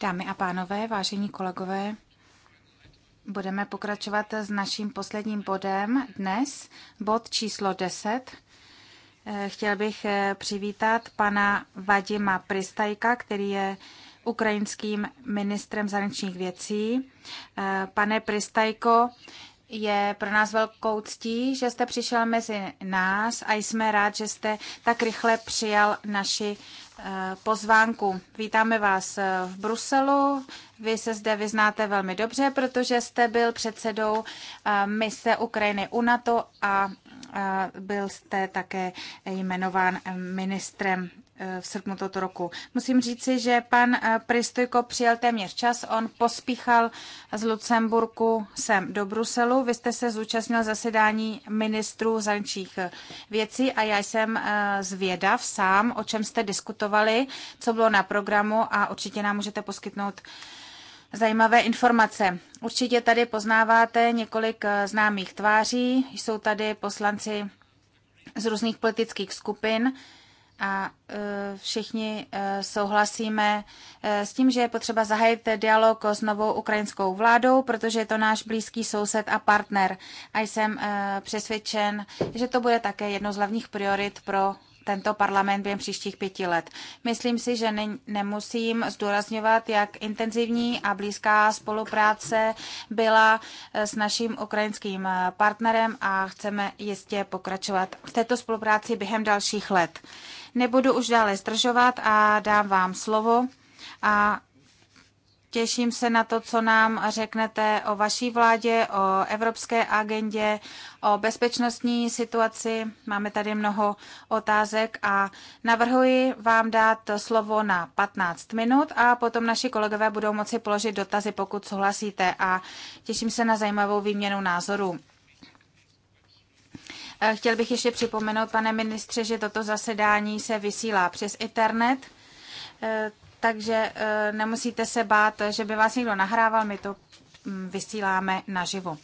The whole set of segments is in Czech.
Dámy a pánové, vážení kolegové, budeme pokračovat s naším posledním bodem dnes, bod číslo 10. Eh, chtěl bych eh, přivítat pana Vadima Pristajka, který je ukrajinským ministrem zahraničních věcí. Eh, pane Pristajko, je pro nás velkou ctí, že jste přišel mezi nás a jsme rád, že jste tak rychle přijal naši Eh, pozvánku. Vítáme vás eh, v Bruselu. Vy se zde vyznáte velmi dobře, protože jste byl předsedou eh, mise Ukrajiny u NATO a byl jste také jmenován ministrem v srpnu tohoto roku. Musím říci, že pan eh, Pristojko přijel téměř čas. On pospíchal z Lucemburku sem do Bruselu. Vy jste se zúčastnil zasedání ministrů zahraničních eh, věcí a já jsem eh, zvědav sám, o čem jste diskutovali, co bylo na programu a určitě nám můžete poskytnout zajímavé informace. Určitě tady poznáváte několik známých tváří. Jsou tady poslanci z různých politických skupin a e, všichni e, souhlasíme e, s tím, že je potřeba zahájit dialog s novou ukrajinskou vládou, protože je to náš blízký soused a partner. A jsem přesvědčen, že to bude také jedno z hlavních priorit pro tento parlament během příštích pěti let. Myslím si, že ne, nemusím zdůrazňovat, jak intenzivní a blízká spolupráce byla eh, s naším ukrajinským eh, partnerem a chceme jistě pokračovat v této spolupráci během dalších let. Nebudu už dále zdržovat a dám vám slovo a Těším se na to, co nám řeknete o vaší vládě, o evropské agendě, o bezpečnostní situaci. Máme tady mnoho otázek a navrhuji vám dát slovo na 15 minut a potom naši kolegové budou moci položit dotazy, pokud souhlasíte. A těším se na zajímavou výměnu názorů. Eh, chtěl bych ještě připomenout, pane ministře, že toto zasedání se vysílá přes internet eh, takže e, nemusíte se bát, že by vás někdo nahrával, my to mm, vysíláme naživo.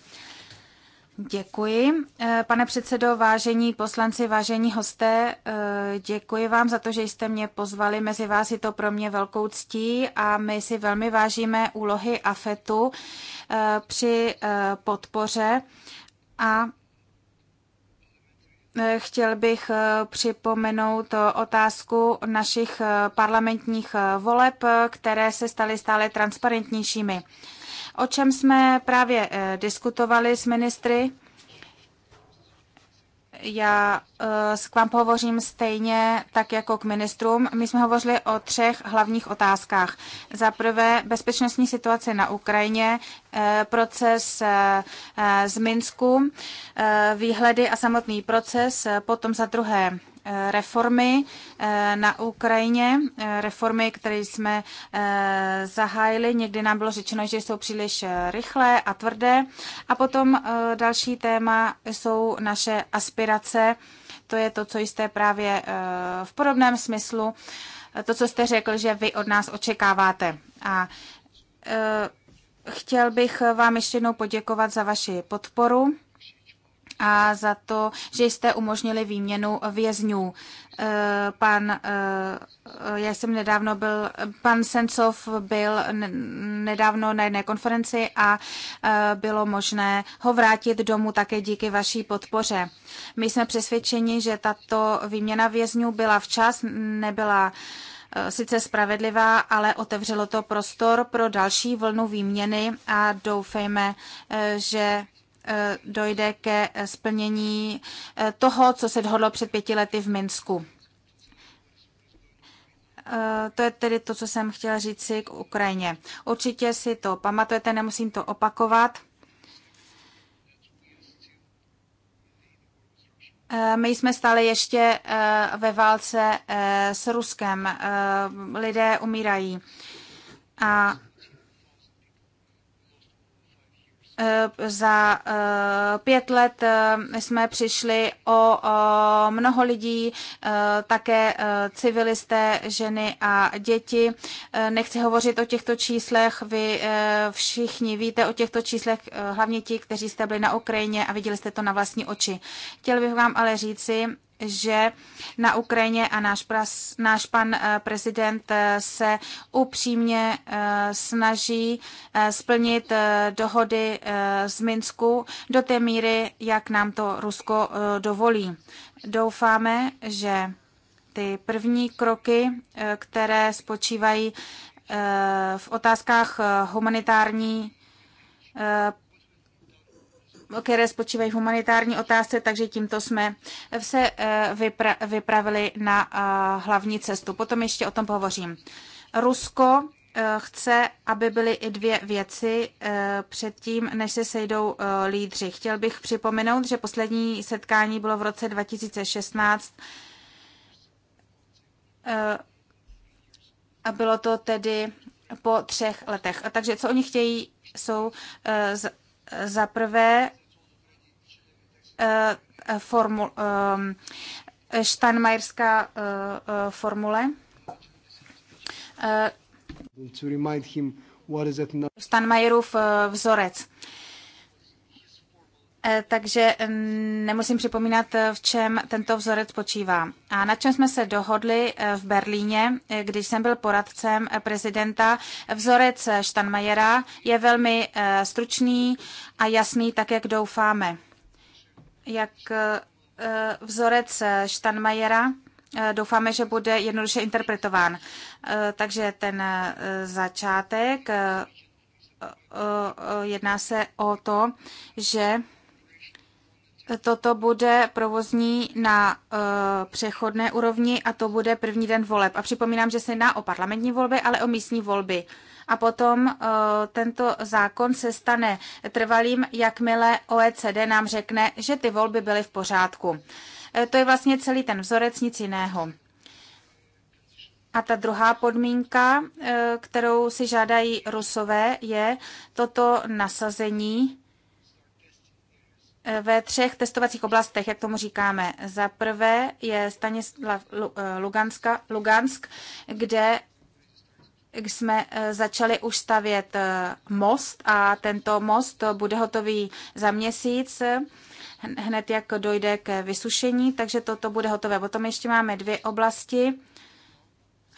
Děkuji. E, pane předsedo, vážení poslanci, vážení hosté, e, děkuji vám za to, že jste mě pozvali mezi vás. Je to pro mě velkou ctí a my si velmi vážíme úlohy AFETu při podpoře a Eh, chtěl bych eh, připomenout otázku našich eh, parlamentních voleb, které se staly stále transparentnějšími. O čem jsme právě diskutovali s ministry já eh, k vám pohovořím stejně tak jako k ministrům. My jsme hovořili o třech hlavních otázkách. Za prvé bezpečnostní situace na Ukrajině, eh, proces eh, z Minsku, výhledy a samotný proces, potom za druhé reformy eh, na Ukrajině, eh, reformy, které jsme eh, zahájili. Někdy nám bylo řečeno, že jsou příliš rychlé a tvrdé. A potom další téma jsou naše aspirace. To je to, co jste právě v podobném smyslu, to, co jste řekl, že vy od nás očekáváte. A chtěl bych vám ještě jednou poděkovat za vaši podporu a za to, že jste umožnili výměnu vězňů. Eh, pan, eh, já jsem nedávno byl, pan Sencov byl nedávno na jedné konferenci a eh, bylo možné ho vrátit domů také díky vaší podpoře. My jsme přesvědčeni, že tato výměna vězňů byla včas, nebyla sice spravedlivá, ale otevřelo to prostor pro další vlnu výměny a doufejme, že Eh, dojde ke eh, splnění eh, toho, co se dohodlo před pěti lety v Minsku. To je tedy to, co jsem chtěla říct si k Ukrajině. Určitě si to pamatujete, nemusím to opakovat. My jsme stále ještě ve válce s Ruskem. Lidé umírají. A Eh, za eh, pět let eh, jsme přišli o mnoho lidí, také civilisté, ženy a děti. Nechci hovořit o těchto číslech, vy všichni víte o těchto číslech, hlavně ti, kteří jste byli na Ukrajině a viděli jste to na vlastní oči. Chtěl bych vám ale říci, že na Ukrajině a náš, pras, náš pan eh, prezident eh, se upřímně eh, snaží splnit dohody z Minsku do té míry, jak nám to Rusko dovolí. Doufáme, že ty první kroky, které spočívají v otázkách humanitární které spočívají v humanitární otázce, takže tímto jsme se eh, vypra- vypravili na eh, hlavní cestu. Potom ještě o tom pohovořím. Rusko eh, chce, aby byly i dvě věci předtím, než se sejdou lídři. Chtěl bych připomenout, že poslední setkání bylo v roce 2016 a bylo to tedy po třech letech. Takže co oni chtějí, jsou za prvé eh, eh, formul, štanmajerská eh, formule. Štanmajerův vzorec. Eh, takže mm, nemusím připomínat, eh, v čem tento vzorec počívá. A na čem jsme se dohodli eh, v Berlíně, když jsem byl poradcem prezidenta, vzorec Štanmajera je velmi stručný a jasný, tak jak doufáme. Jak vzorec Štanmajera doufáme, že bude jednoduše interpretován. Takže ten začátek, jedná se o to, že Toto bude provozní na uh, přechodné úrovni a to bude první den voleb. A připomínám, že se jedná o parlamentní volby, ale o místní volby. A potom uh, tento zákon se stane trvalým, jakmile OECD nám řekne, že ty volby byly v pořádku. Eh, to je vlastně celý ten vzorec, nic jiného. A ta druhá podmínka, kterou si žádají Rusové, je toto nasazení ve třech testovacích oblastech, jak tomu říkáme. Za prvé je Stanislav eh, Luganska, Lugansk, kde jsme eh, začali už stavět eh, most a tento most bude hotový za měsíc, hned jak dojde k vysušení, takže toto bude hotové. Potom ještě máme dvě oblasti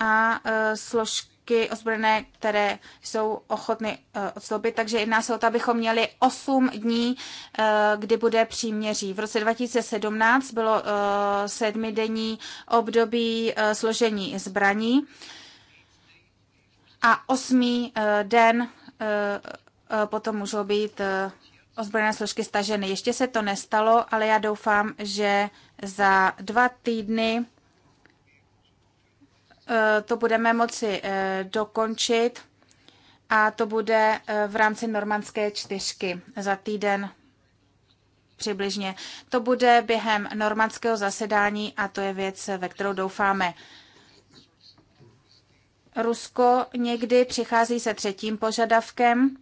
a složky složky ozbrojené, které jsou ochotny eh, odstoupit. Takže jedná se o to, abychom měli 8 dní, eh, kdy bude příměří. V roce 2017 bylo eh, sedmidenní období složení zbraní a osmý den potom můžou být ozbrojené složky staženy. Ještě se to nestalo, ale já doufám, že za dva týdny Eh, to budeme moci eh, dokončit a to bude eh, v rámci normandské čtyřky za týden přibližně. To bude během normandského zasedání a to je věc, ve kterou doufáme. Rusko někdy přichází se třetím požadavkem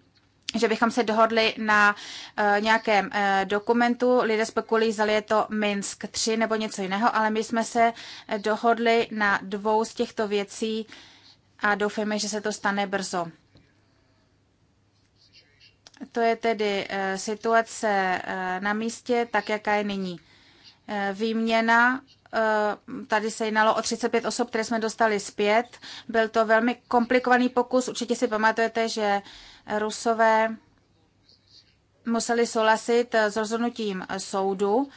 že bychom se dohodli na uh, nějakém uh, dokumentu. Lidé spekulují, zda je to Minsk 3 nebo něco jiného, ale my jsme se dohodli na dvou z těchto věcí a doufáme, že se to stane brzo. To je tedy uh, situace uh, na místě, tak jaká je nyní. Uh, výměna tady se jednalo o 35 osob, které jsme dostali zpět. Byl to velmi komplikovaný pokus. Určitě si pamatujete, že Rusové museli souhlasit s rozhodnutím soudu.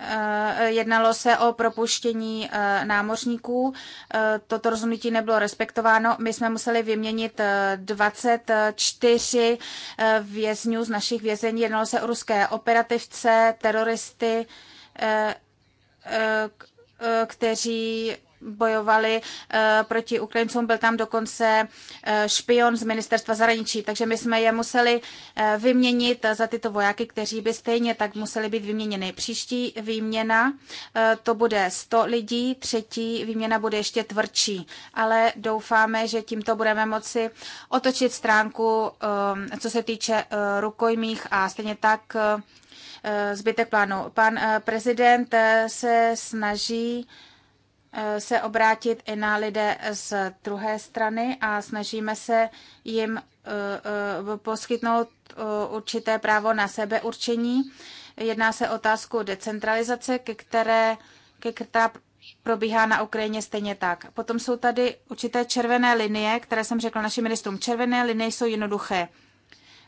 Eh, jednalo se o propuštění eh, námořníků. Eh, toto rozhodnutí nebylo respektováno. My jsme museli vyměnit 24 vězňů z našich vězení. Jednalo se o ruské operativce, teroristy, kteří bojovali eh, proti Ukrajincům, byl tam dokonce eh, špion z ministerstva zahraničí, takže my jsme je museli eh, vyměnit za tyto vojáky, kteří by stejně tak museli být vyměněny. Příští výměna to bude 100 lidí, třetí výměna bude ještě tvrdší, ale doufáme, že tímto budeme moci otočit stránku, co se týče rukojmích a stejně tak zbytek plánu. Pan prezident se snaží se obrátit i na lidé z druhé strany a snažíme se jim e, e, poskytnout e, určité právo na sebeurčení. Jedná se o otázku decentralizace, ke které, ke která probíhá na Ukrajině stejně tak. Potom jsou tady určité červené linie, které jsem řekla našim ministrům. Červené linie jsou jednoduché.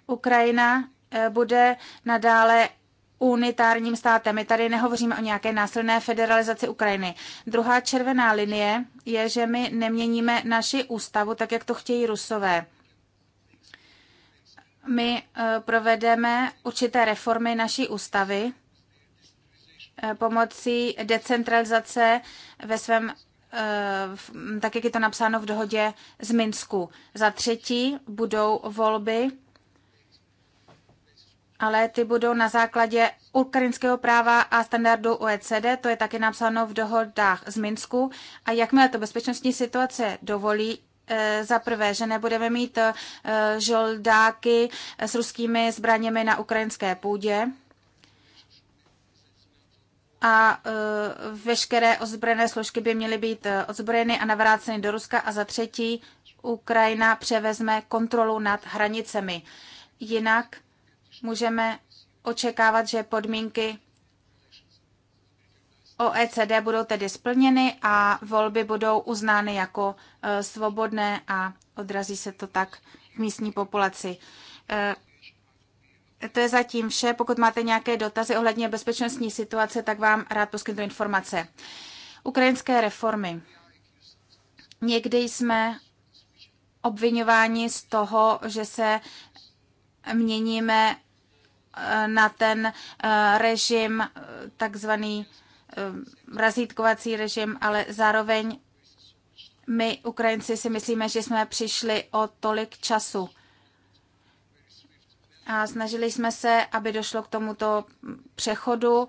Ukrajina bude nadále unitárním státem. My tady nehovoříme o nějaké násilné federalizaci Ukrajiny. Druhá červená linie je, že my neměníme naši ústavu tak, jak to chtějí rusové. My eh, provedeme určité reformy naší ústavy eh, pomocí decentralizace ve svém eh, tak, jak je to napsáno v dohodě z Minsku. Za třetí budou volby ale ty budou na základě ukrajinského práva a standardu OECD, to je taky napsáno v dohodách z Minsku. A jakmile to bezpečnostní situace dovolí, eh, za prvé, že nebudeme mít eh, žoldáky s ruskými zbraněmi na ukrajinské půdě a eh, veškeré ozbrojené složky by měly být ozbrojeny a navráceny do Ruska a za třetí Ukrajina převezme kontrolu nad hranicemi. Jinak můžeme očekávat, že podmínky OECD budou tedy splněny a volby budou uznány jako e, svobodné a odrazí se to tak v místní populaci. E, to je zatím vše. Pokud máte nějaké dotazy ohledně bezpečnostní situace, tak vám rád poskytnu informace. Ukrajinské reformy. Někdy jsme obvinováni z toho, že se měníme Eh, na ten eh, režim, eh, takzvaný razítkovací režim, ale zároveň my, Ukrajinci, si myslíme, že jsme přišli o tolik času. A snažili jsme se, aby došlo k tomuto přechodu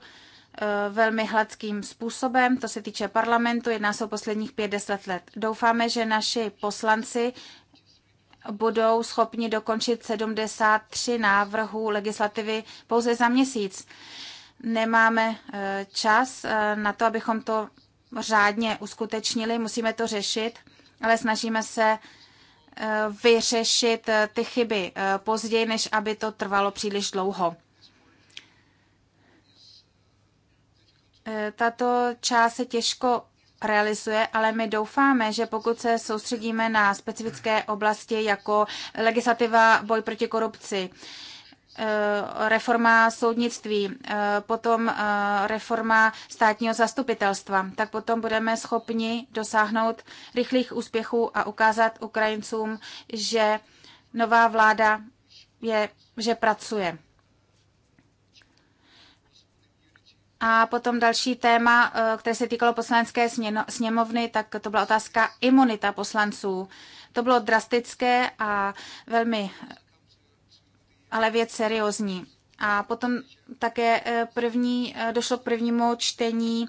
velmi hladkým způsobem. To se týče parlamentu, jedná se o posledních 50 let. Doufáme, že naši poslanci budou schopni dokončit 73 návrhů legislativy pouze za měsíc. Nemáme e, čas e, na to, abychom to řádně uskutečnili, musíme to řešit, ale snažíme se e, vyřešit ty chyby později, než aby to trvalo příliš dlouho. Tato část se těžko realizuje, ale my doufáme, že pokud se soustředíme na specifické oblasti jako legislativa boj proti korupci, eh, reforma soudnictví, eh, potom eh, reforma státního zastupitelstva, tak potom budeme schopni dosáhnout rychlých úspěchů a ukázat Ukrajincům, že nová vláda je, že pracuje. A potom další téma, eh, které se týkalo poslanecké sněmovny, tak to byla otázka imunita poslanců. To bylo drastické a velmi, ale věc seriózní. A potom také eh, první, eh, došlo k prvnímu čtení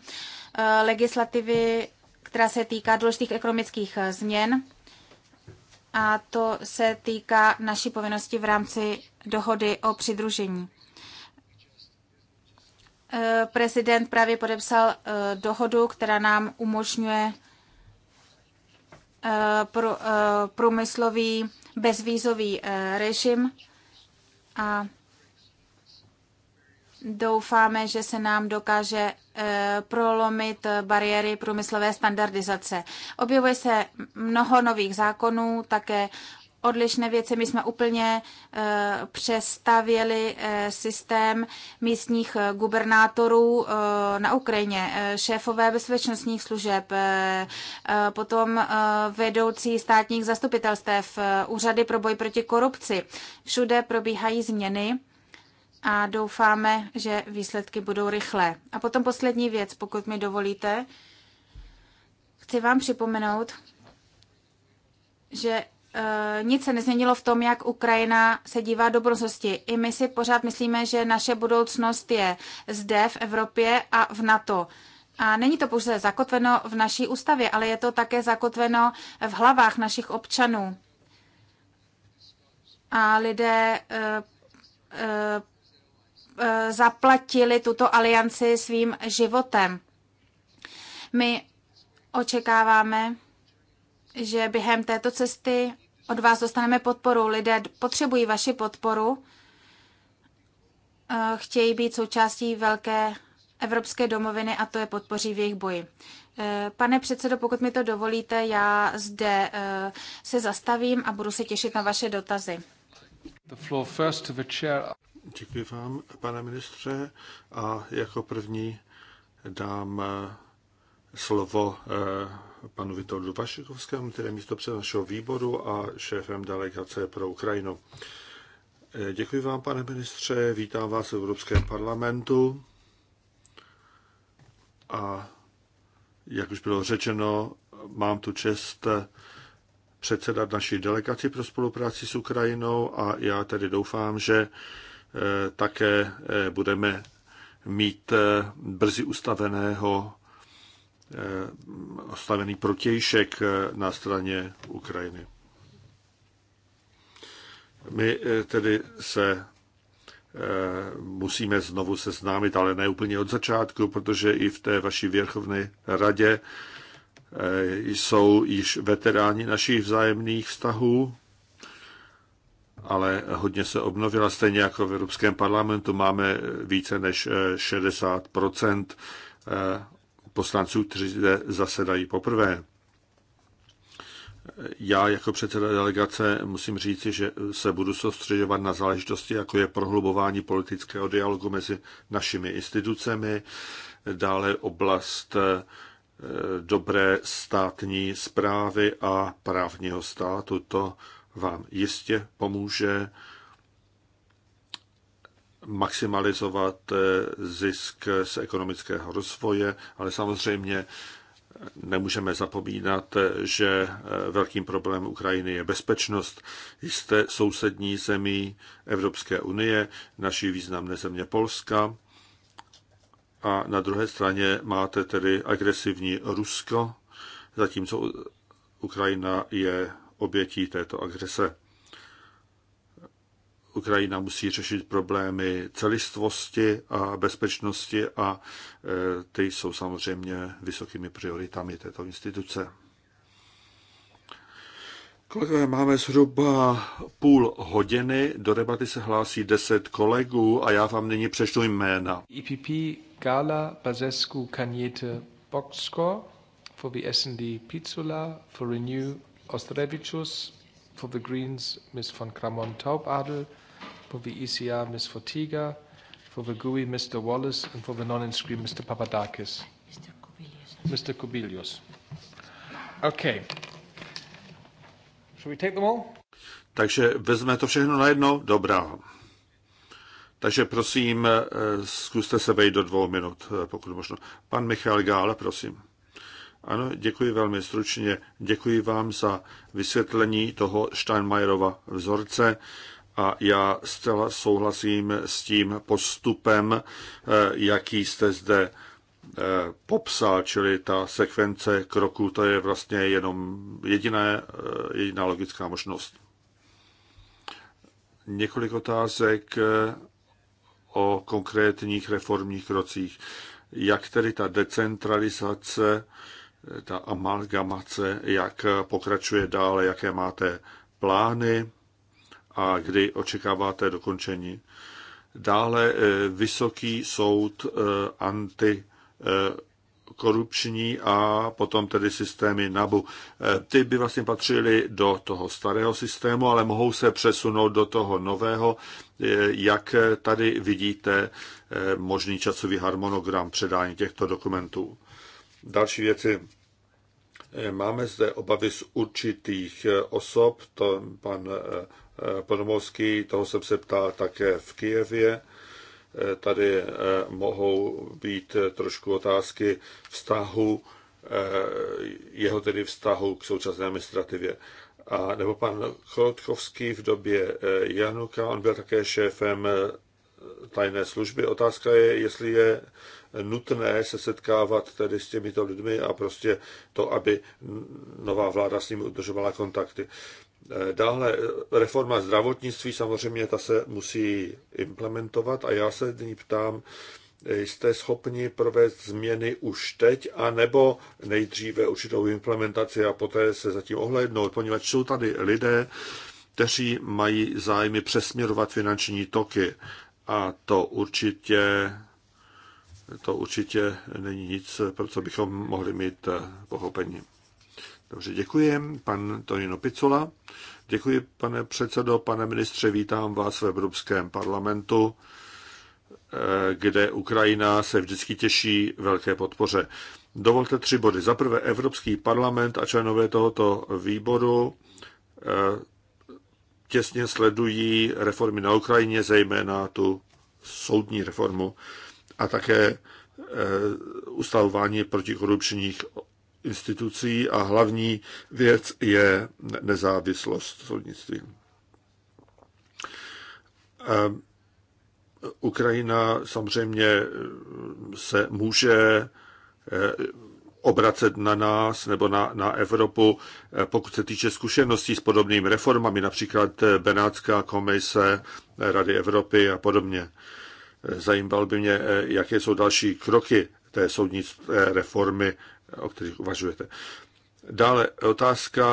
legislativy, která se týká důležitých ekonomických změn. A to se týká naší povinnosti v rámci dohody o přidružení. Eh, prezident právě podepsal eh, dohodu, která nám umožňuje eh, průmyslový bezvízový režim a doufáme, že se nám dokáže prolomit bariéry průmyslové standardizace. Objevuje se mnoho nových zákonů, také odlišné věci. My jsme úplně eh, přestavěli eh, systém místních eh, gubernátorů na Ukrajině, šéfové bezpečnostních služeb, potom vedoucí státních zastupitelstev, úřady pro boj proti korupci. Všude probíhají změny a doufáme, že výsledky budou rychlé. A potom poslední věc, pokud mi dovolíte. Chci vám připomenout, že Eh, nic se nezměnilo v tom, jak Ukrajina se dívá do budoucnosti. I my si pořád myslíme, že naše budoucnost je zde v Evropě a v NATO. A není to pouze zakotveno v naší ústavě, ale je to také zakotveno v hlavách našich občanů. A lidé e, e, zaplatili tuto alianci svým životem. My očekáváme, že během této cesty od vás dostaneme podporu. Lidé potřebují vaši podporu, eh, chtějí být součástí velké evropské domoviny a to je podpoří v jejich boji. Eh, pane předsedo, pokud mi to dovolíte, já zde eh, se zastavím a budu se těšit na vaše dotazy. The floor first to the chair. Děkuji vám, pane ministře, a jako první dám slovo eh, panu Vitoldu Vašikovskému, který je místo našeho výboru a šéfem delegace pro Ukrajinu. Eh, děkuji vám, pane ministře, vítám vás v Evropském parlamentu a jak už bylo řečeno, mám tu čest eh, předsedat naší delegaci pro spolupráci s Ukrajinou a já tedy doufám, že také budeme mít brzy ustaveného Eh, oslavený protějšek eh, na straně Ukrajiny. My eh, tedy se musíme znovu seznámit, ale ne úplně od začátku, protože i v té vaší věrchovné radě jsou již veteráni našich vzájemných vztahů, ale hodně se obnovila. Stejně jako v Evropském parlamentu máme více než 60 poslanců, kteří zde zasedají poprvé. Já jako předseda delegace musím říci, že se budu soustředovat na záležitosti, jako je prohlubování politického dialogu mezi našimi institucemi, dále oblast eh, dobré státní zprávy a právního státu. To vám jistě pomůže maximalizovat eh, zisk z ekonomického rozvoje, ale samozřejmě eh, nemůžeme zapomínat, eh, že velkým problémem Ukrajiny je bezpečnost. Jste sousední zemí Evropské unie, naší významné země Polska a na druhé straně máte tedy agresivní Rusko, zatímco Ukrajina je obětí této agrese. Ukrajina musí řešit problémy celistvosti a bezpečnosti a e, ty jsou samozřejmě vysokými prioritami této instituce. Kolegové, máme zhruba půl hodiny, do debaty se hlásí deset kolegů a já vám nyní přečtu jména. IPP e Gala, Bazescu, Kaniete, Boxko, for the SND Pizzula, for Renew Ostrevičus, For the Greens, Ms. von Kramon Taubadel. For the ECR, Ms. Fortiga. For the GUI, Mr. Wallace. And for the non-inscreen, Mr. Papadakis. Mr. Kubilius. Okay. Shall we take them all? Takže vezme to všechno najednou? Dobrá. Takže prosím, eh, zkuste se vejít do dvou minut, eh, pokud možno. Pan Michal Gál, prosím. Ano, děkuji velmi stručně. Děkuji vám za vysvětlení toho Steinmeierova vzorce a já zcela souhlasím s tím postupem, eh, jaký jste zde eh, popsal, čili ta sekvence kroků, to je vlastně jenom jediné, eh, jediná logická možnost. Několik otázek o konkrétních reformních krocích. Jak tedy ta decentralizace ta amalgamace, jak pokračuje dále, jaké máte plány a kdy očekáváte dokončení. Dále eh, Vysoký soud eh, anti korupční a potom tedy systémy NABU. Eh, ty by vlastně patřily do toho starého systému, ale mohou se přesunout do toho nového. Jak tady vidíte možný časový harmonogram předání těchto dokumentů? Další věci. Eh, máme zde obavy z určitých eh, osob, to pan eh, Podomovský, toho jsem se ptal také v Kijevě. Tady mohou být trošku otázky vztahu, jeho tedy vztahu k současné administrativě. A nebo pan Chodkovský v době Januka, on byl také šéfem tajné služby. Otázka je, jestli je nutné se setkávat tedy s těmito lidmi a prostě to, aby nová vláda s nimi udržovala kontakty. Dále reforma zdravotnictví, samozřejmě ta se musí implementovat a já se nyní ptám, jste schopni provést změny už teď, anebo nejdříve určitou implementaci a poté se zatím ohlednout, poněvadž jsou tady lidé, kteří mají zájmy přesměrovat finanční toky a to určitě to určitě není nic, pro co bychom mohli mít eh, pochopení. Dobře, děkuji, pan Tonino Picola. Děkuji, pane předsedo, pane ministře, vítám vás v Evropském parlamentu, eh, kde Ukrajina se vždycky těší velké podpoře. Dovolte tři body. Za prvé, Evropský parlament a členové tohoto výboru eh, těsně sledují reformy na Ukrajině, zejména tu soudní reformu a také eh, ustavování protikorupčních institucí a hlavní věc je nezávislost soudnictví. Eh, Ukrajina samozřejmě se může eh, obracet na nás nebo na, na Evropu, pokud se týče zkušeností s podobnými reformami, například Benátská komise Rady Evropy a podobně. Zajímalo by mě, eh, jaké jsou další kroky té soudní reformy, o kterých uvažujete. Dále otázka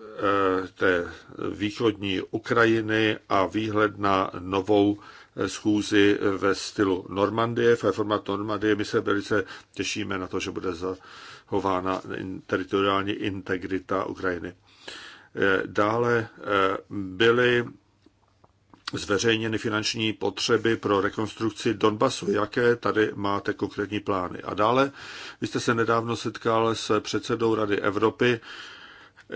eh, té východní Ukrajiny a výhled na novou eh, schůzi ve stylu Normandie, ve formátu Normandie. My se velice těšíme na to, že bude zachována teritoriální integrita Ukrajiny. Dále byly zveřejněny finanční potřeby pro rekonstrukci Donbasu. Jaké tady máte konkrétní plány? A dále, vy jste se nedávno setkal s předsedou Rady Evropy,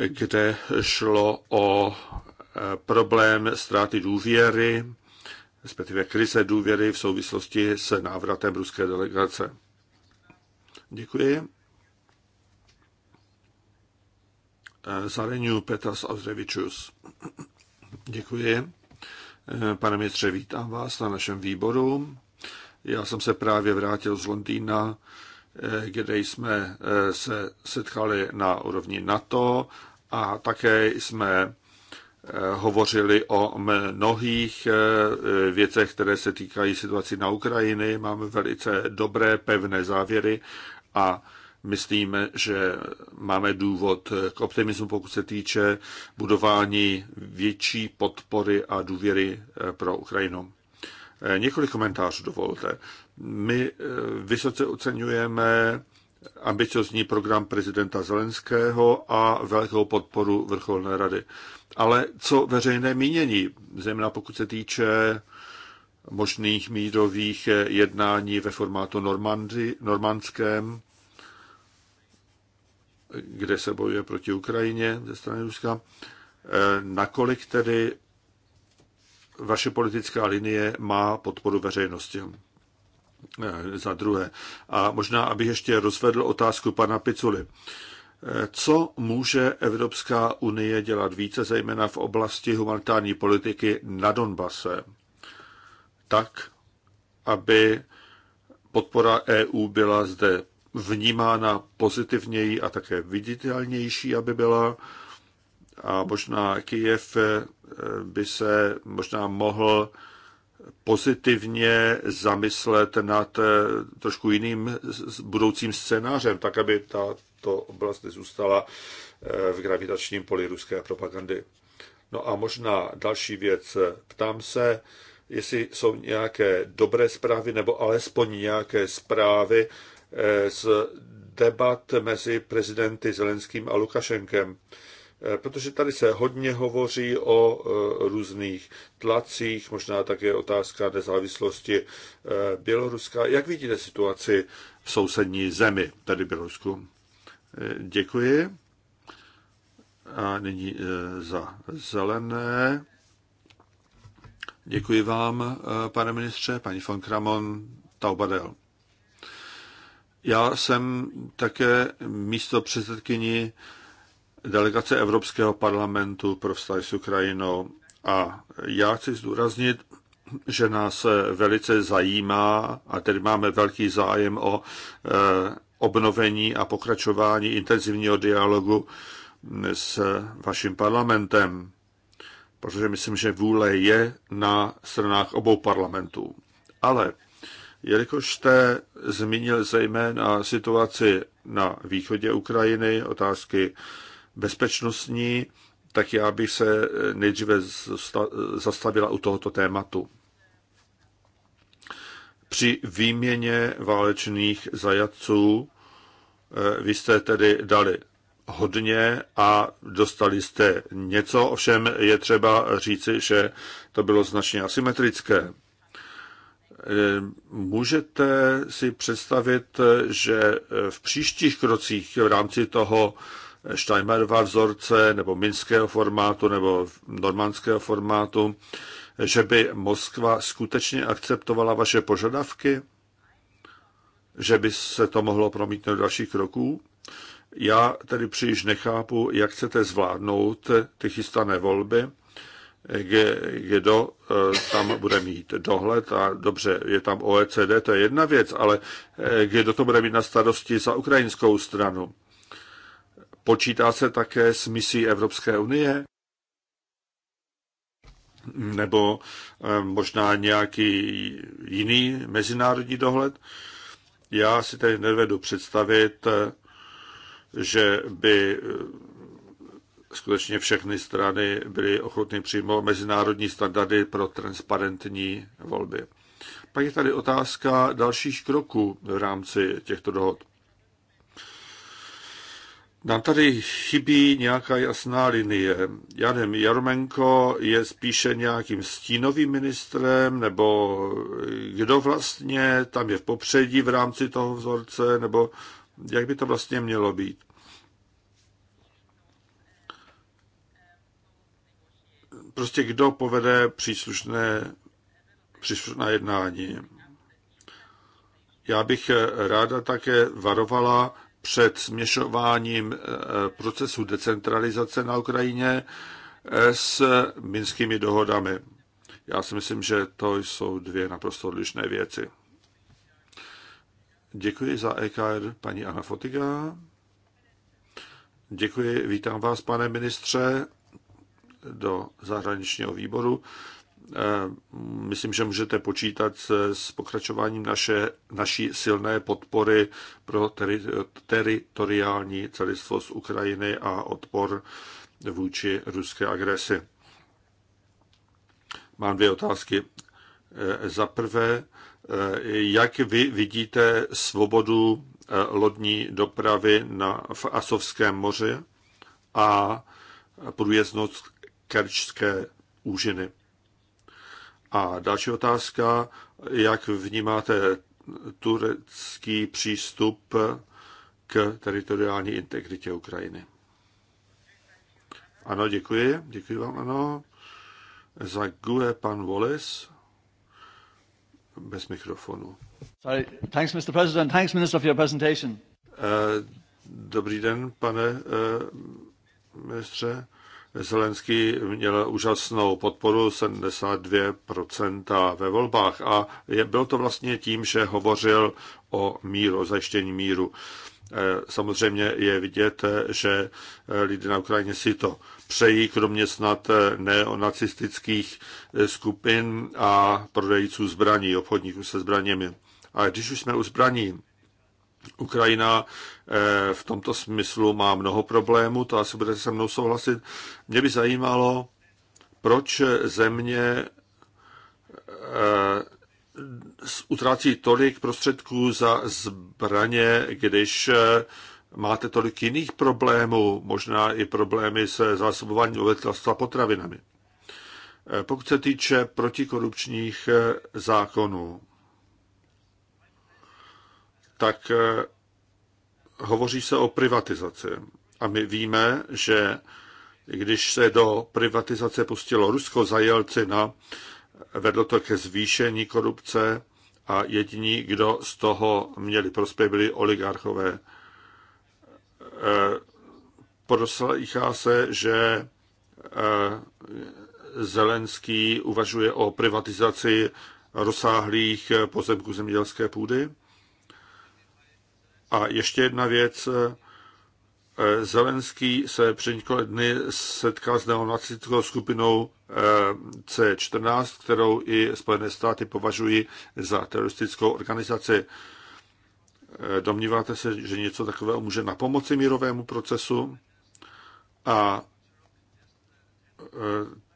kde šlo o eh, problém ztráty důvěry, respektive krize důvěry v souvislosti s návratem ruské delegace. Děkuji. Eh, Zareňu Petas Austrevičus. Děkuji. Eh, pane ministře, vítám vás na našem výboru. Já jsem se právě vrátil z Londýna, eh, kde jsme eh, se setkali na úrovni NATO a také jsme hovořili o mnohých věcech, které se týkají situaci na Ukrajiny. Máme velice dobré, pevné závěry a myslíme, že máme důvod k optimismu, pokud se týče budování větší podpory a důvěry eh, pro Ukrajinu. Eh, několik komentářů dovolte. My eh, vysoce oceňujeme ambiciozní program prezidenta Zelenského a velkou podporu Vrcholné rady. Ale co veřejné mínění, zejména pokud se týče možných mírových jednání ve formátu normandy, normandském, kde se bojuje proti Ukrajině ze strany Ruska, eh, nakolik tedy vaše politická linie má podporu veřejnosti. Eh, za druhé. A možná, abych ještě rozvedl otázku pana Piculy. Eh, co může Evropská unie dělat více, zejména v oblasti humanitární politiky na Donbase, tak, aby podpora EU byla zde vnímána pozitivněji a také viditelnější, aby byla. A možná Kijev eh, by se možná mohl pozitivně zamyslet nad eh, trošku jiným budoucím scénářem, tak aby tato oblast zůstala eh, v gravitačním poli ruské propagandy. No a možná další věc. Ptám se, jestli jsou nějaké dobré zprávy nebo alespoň nějaké zprávy Eh, z debat mezi prezidenty Zelenským a Lukašenkem. Eh, protože tady se hodně hovoří o eh, různých tlacích, možná také otázka nezávislosti Běloruska. Jak vidíte situaci v sousední zemi, tady Bělorusku? Děkuji. A nyní za zelené. Děkuji vám, pane ministře, paní von Kramon Taubadel. Já jsem také místo předsedkyni delegace Evropského parlamentu pro vztahy s Ukrajinou a já chci zdůraznit, že nás velice zajímá a tedy máme velký zájem o eh, obnovení a pokračování intenzivního dialogu s vaším parlamentem, protože myslím, že vůle je na stranách obou parlamentů. Ale Jelikož jste zmínil zejména situaci na východě Ukrajiny, otázky bezpečnostní, tak já bych se nejdříve zastavila u tohoto tématu. Při výměně válečných zajatců eh, vy jste tedy dali hodně a dostali jste něco, ovšem je třeba říci, že to bylo značně asymetrické. Eh, můžete si představit, že eh, v příštích krocích v rámci toho eh, Steinmeierova vzorce nebo minského formátu nebo normandského formátu, že by Moskva skutečně akceptovala vaše požadavky? Že by se to mohlo promítnout do dalších kroků? Já tedy příliš nechápu, jak chcete zvládnout ty chystané volby kdo eh, tam bude mít dohled a dobře, je tam OECD, to je jedna věc, ale kdo eh, to bude mít na starosti za ukrajinskou stranu? Počítá se také s misí Evropské unie? Nebo eh, možná nějaký jiný mezinárodní dohled? Já si tedy nedovedu představit, že by skutečně všechny strany byly ochotny přijmout mezinárodní standardy pro transparentní volby. Pak je tady otázka dalších kroků v rámci těchto dohod. Nám tady chybí nějaká jasná linie. Já nevím, Jarmenko je spíše nějakým stínovým ministrem, nebo kdo vlastně tam je v popředí v rámci toho vzorce, nebo jak by to vlastně mělo být. prostě kdo povede příslušné, příslušné jednání. Já bych ráda také varovala před směšováním eh, procesu decentralizace na Ukrajině eh, s minskými dohodami. Já si myslím, že to jsou dvě naprosto odlišné věci. Děkuji za EKR, paní Anna Fotiga. Děkuji, vítám vás, pane ministře do zahraničního výboru. Eh, myslím, že můžete počítat s pokračováním naše, naší silné podpory pro teri, teritoriální celistvost Ukrajiny a odpor vůči ruské agresi. Mám dvě otázky. Eh, za prvé, eh, jak vy vidíte svobodu lodní dopravy na, v Asovském moři a průjezdnost kerčské úžiny. A další otázka, jak vnímáte turecký přístup k teritoriální integritě Ukrajiny? Ano, děkuji. Děkuji vám, ano. Za GUE pan Wallace bez mikrofonu. Sorry. Thanks, Mr. President. Thanks, Minister, for your presentation. Eh, dobrý den, pane eh, ministře. Zelenský měl úžasnou podporu 72% ve volbách a je, bylo to vlastně tím, že hovořil o míru, o zajištění míru. Eh, samozřejmě je vidět, že eh, lidé na Ukrajině si to přejí, kromě snad eh, neonacistických skupin a prodejců zbraní, obchodníků se zbraněmi. A když už jsme u zbraní, Ukrajina eh, v tomto smyslu má mnoho problémů, to asi budete se mnou souhlasit. Mě by zajímalo, proč země eh, utrácí tolik prostředků za zbraně, když eh, máte tolik jiných problémů, možná i problémy se zásobováním obyvatelstva potravinami. Pokud se týče protikorupčních zákonů, tak eh, hovoří se o privatizaci. A my víme, že když se do privatizace pustilo Rusko za Jelcina, vedlo to ke zvýšení korupce a jediní, kdo z toho měli prospěch, byli oligarchové. Eh, Podoslýchá se, že eh, Zelenský uvažuje o privatizaci rozsáhlých pozemků zemědělské půdy a ještě jedna věc. Eh, eh, Zelenský se před několik dny setkal s neonacistickou skupinou eh, C14, kterou i Spojené státy považují za teroristickou organizaci. Domníváte se, že něco takového může na pomoci mírovému procesu? A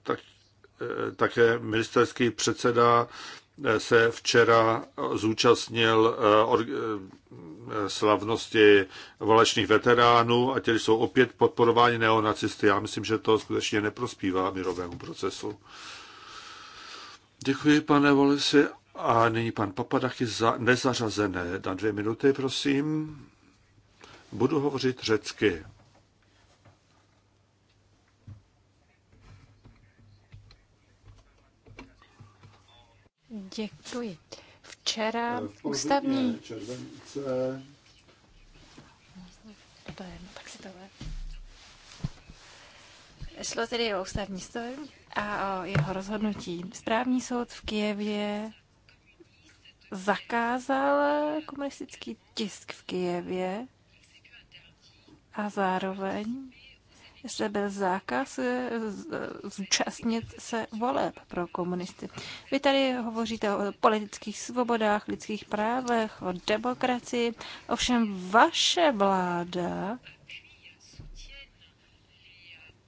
tak, také ministerský předseda se včera zúčastnil eh, eh, slavnosti válečných veteránů a těli jsou opět podporováni neonacisty. Já myslím, že to skutečně neprospívá mírovému procesu. Děkuji, pane Volisi. A nyní pan Papadachy za nezařazené. Na dvě minuty, prosím. Budu hovořit řecky. Děkuji. Včera eh, v ústavní... Eh, července. To je, tak si to Šlo tedy o ústavní soud a o jeho rozhodnutí. Správní soud v Kijevě zakázal komunistický tisk v Kijevě a zároveň že byl zákaz eh, eh, zúčastnit se voleb pro komunisty. Vy tady hovoříte o politických svobodách, lidských právech, o demokracii, ovšem vaše vláda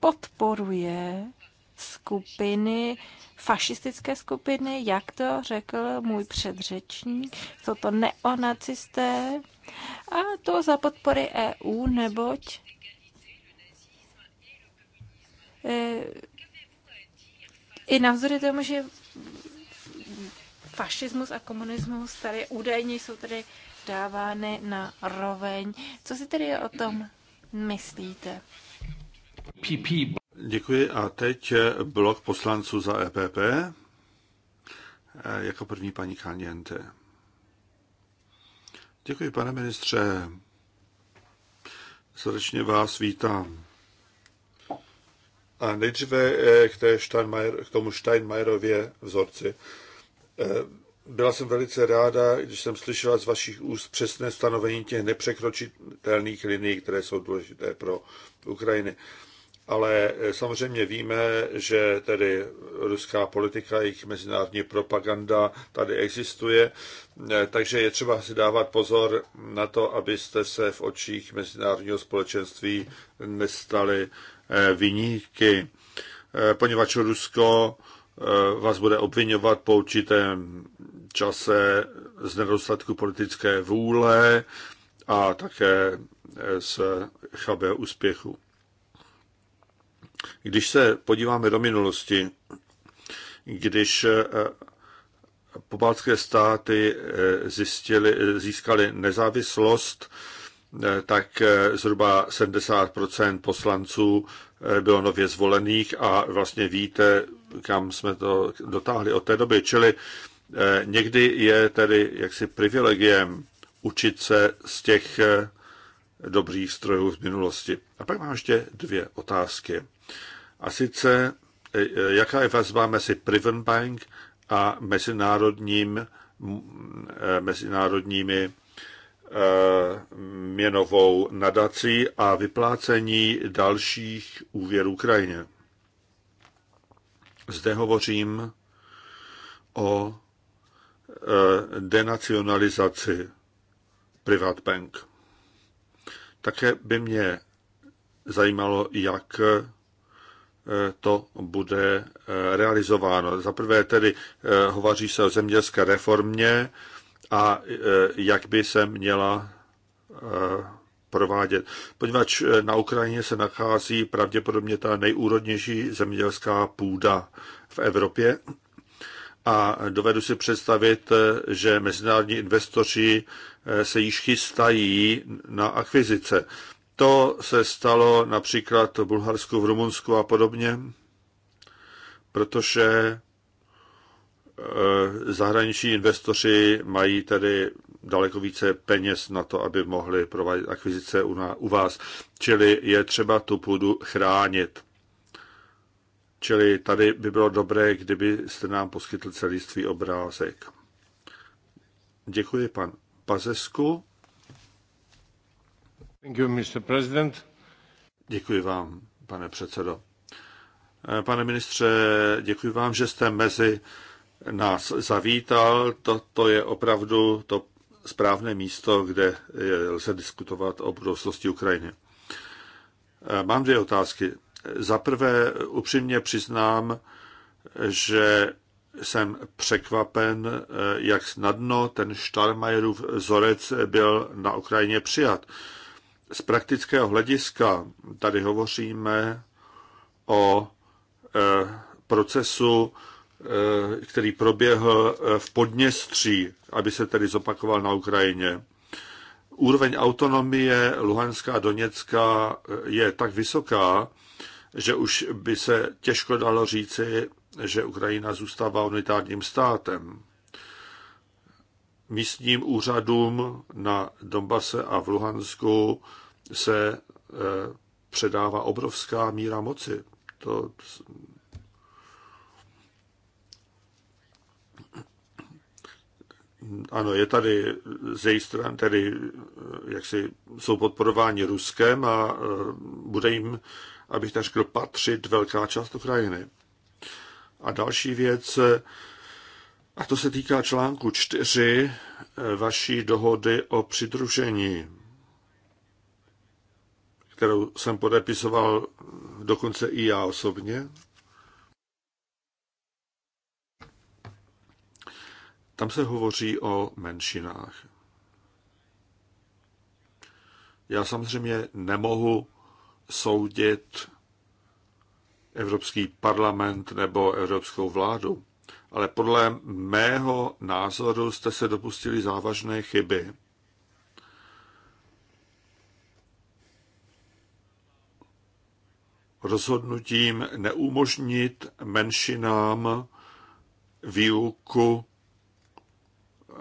podporuje skupiny, fašistické skupiny, jak to řekl můj předřečník, jsou to neonacisté a to za podpory EU, neboť E, i navzory tomu, že fašismus a komunismus tady údajně jsou tady dávány na roveň. Co si tedy o tom myslíte? Děkuji a teď blok poslanců za EPP. E, jako první paní Kaniente. Děkuji, pane ministře. Srdečně vás vítám. A nejdříve eh, k, té Steinmeier, k tomu Steinmeierově vzorci. Eh, byla jsem velice ráda, když jsem slyšela z vašich úst přesné stanovení těch nepřekročitelných linií, které jsou důležité pro Ukrajiny. Ale eh, samozřejmě víme, že tedy ruská politika, jejich mezinárodní propaganda tady existuje, takže je třeba si dávat pozor na to, abyste se v očích mezinárodního společenství nestali Eh, vyníky, eh, poněvadž Rusko eh, vás bude obvinovat po určitém čase z nedostatku politické vůle a také z chabého úspěchu. Když se podíváme do minulosti, když pobaltské státy zjistili, získali nezávislost, Eh, tak eh, zhruba 70 poslanců eh, bylo nově zvolených a vlastně víte, kam jsme to dotáhli od té doby. Čili někdy je tedy jaksi privilegiem učit se z těch dobrých strojů z minulosti. A pak mám ještě dvě otázky. A sice, jaká je vazba mezi Privenbank a mezinárodním, mezinárodními Eh, měnovou nadací a vyplácení dalších úvěrů krajině. Zde hovořím o eh, denacionalizaci PrivatBank. Také by mě zajímalo, jak eh, to bude realizováno. Za prvé tedy hovoří se o zemědělské reformě, a e, jak by se měla e, provádět. Poněvadž e, na Ukrajině se nachází pravděpodobně ta nejúrodnější zemědělská půda v Evropě a dovedu si představit, že mezinárodní investoři se již chystají na akvizice. To se stalo například v Bulharsku, v Rumunsku a podobně, protože Eh, zahraniční investoři mají tedy daleko více peněz na to, aby mohli provádět akvizice u, na, u vás. Čili je třeba tu půdu chránit. Čili tady by bylo dobré, kdybyste nám poskytl celistvý obrázek. Děkuji pan Pazesku. Thank you, Mr. President. Děkuji vám, pane předsedo. Eh, pane ministře, děkuji vám, že jste mezi nás zavítal. Toto je opravdu to správné místo, kde lze diskutovat o budoucnosti Ukrajiny. E, mám dvě otázky. Za prvé upřímně přiznám, že jsem překvapen, e, jak snadno ten Štarmajerův vzorec byl na Ukrajině přijat. Z praktického hlediska tady hovoříme o e, procesu Eh, který proběhl eh, v Podněstří, aby se tedy zopakoval na Ukrajině. Úroveň autonomie Luhanská a Doněcka eh, je tak vysoká, že už by se těžko dalo říci, že Ukrajina zůstává unitárním státem. Místním úřadům na Donbase a v Luhansku se předává obrovská míra moci. To ano, je tady z její strany, tedy jak si jsou podporováni Ruskem a e, bude jim, abych tak řekl, patřit velká část Ukrajiny. A další věc, e, a to se týká článku 4 e, vaší dohody o přidružení, kterou jsem podepisoval dokonce i já osobně. Tam se hovoří o menšinách. Já samozřejmě nemohu soudit Evropský parlament nebo Evropskou vládu, ale podle mého názoru jste se dopustili závažné chyby. Rozhodnutím neumožnit menšinám výuku